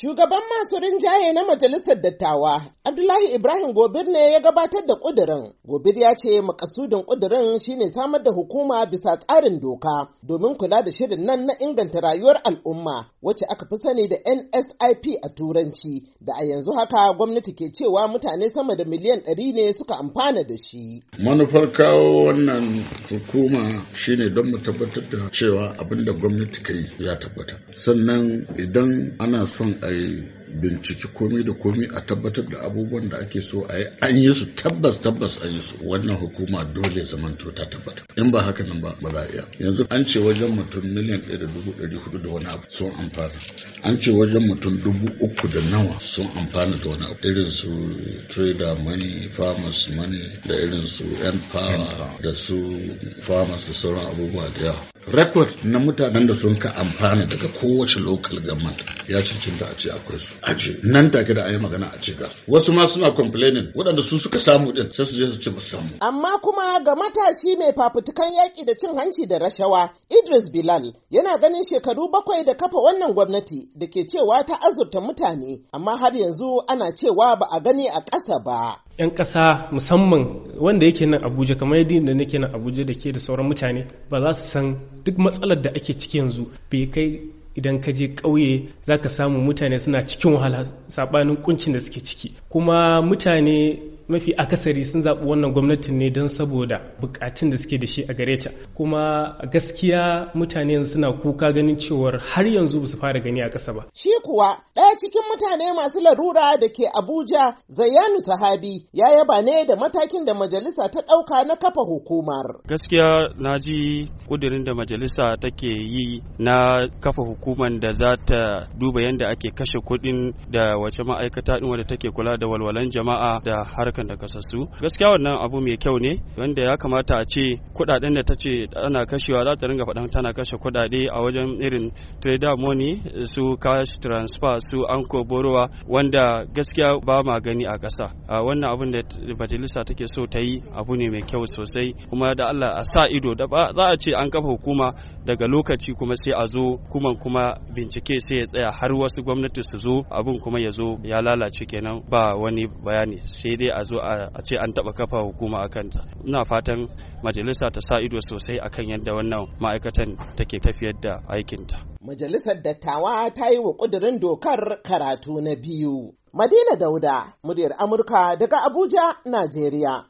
Shugaban masu rinjaye na Majalisar Dattawa, Abdullahi Ibrahim Gobir ne ya gabatar da ƙudurin. Gobir ya ce makasudin ƙudurin shine samar da hukuma bisa tsarin doka domin kula da shirin nan na inganta rayuwar al'umma wacce aka fi sani da NSIP a Turanci, da a yanzu haka gwamnati ke cewa mutane sama da miliyan ɗari ne suka amfana da shi. Manufar kawo wannan hukuma shine don mu tabbatar da cewa abin da gwamnati yi ya tabbata. Sannan idan ana son a binciki komai da komai a tabbatar da abubuwan da ake so a yi an yi su tabbas tabbas an yi su wannan hukuma dole to ta tabbata in ba haka nan ba ba za a iya yanzu an ce wajen mutum miliyan ɗaya da dubu ɗari hudu da wani abu sun amfana an ce wajen mutum dubu uku da nawa sun amfana da wani abu irin su trader money farmers money da irin su yan power da su farmers da sauran abubuwa da yawa record na mutanen da sun ka amfana daga kowace local government ya cancanta a ce akwai su aji. nan take da ayi magana a ce gas wasu ma suna complaining waɗanda su suka samu din sai su je su ce ba samu amma kuma ga matashi mai fafutukan yaƙi da cin hanci da rashawa Idris Bilal yana ganin shekaru bakwai da kafa wannan gwamnati da ke cewa ta azurta mutane amma har yanzu ana cewa ba a gani a ƙasa ba 'yan ƙasa musamman wanda yake nan abuja kamar yadda da nake nan abuja da ke da sauran mutane ba za su san duk matsalar da ake ciki yanzu bai kai idan ka je ƙauye za ka samu mutane suna cikin wahala saɓanin kuncin da suke ciki kuma mutane mafi akasari sun zaɓi wannan gwamnatin ne don saboda bukatun da suke da shi a gare ta kuma gaskiya mutane suna kuka ganin cewar har yanzu ba su fara gani a ƙasa ba. Shi kuwa ɗaya cikin mutane masu larura da ke Abuja Zayyanu Sahabi ya yaba ne da matakin da majalisa ta ɗauka na kafa hukumar. Gaskiya na ji ƙudurin da majalisa take yi na kafa hukumar da za ta duba yadda ake kashe kuɗin da wace ma'aikata ɗin wadda take kula da walwalan jama'a da har da kasassu gaskiya wannan abu mai kyau ne wanda ya kamata a ce kudaden da ta ce ana kashewa za ta ringa faɗan tana kashe kudade a wajen irin trader money su cash transfer su anko borowa wanda gaskiya ba ma gani a ƙasa wannan abin da majalisa take so ta yi abu ne mai kyau sosai kuma da Allah a sa ido da ba za a ce an kafa hukuma daga lokaci kuma sai a zo kuma kuma bincike sai ya tsaya har wasu gwamnati su zo abin kuma ya zo ya lalace kenan ba wani bayani sai dai a zo a ce an taɓa kafa hukuma a kanta ina fatan majalisa ta sa ido sosai akan yadda wannan ma'aikatan take tafiyar da aikinta majalisar dattawa ta yi wa ƙudurin dokar karatu na biyu madina dauda muryar amurka daga abuja najeriya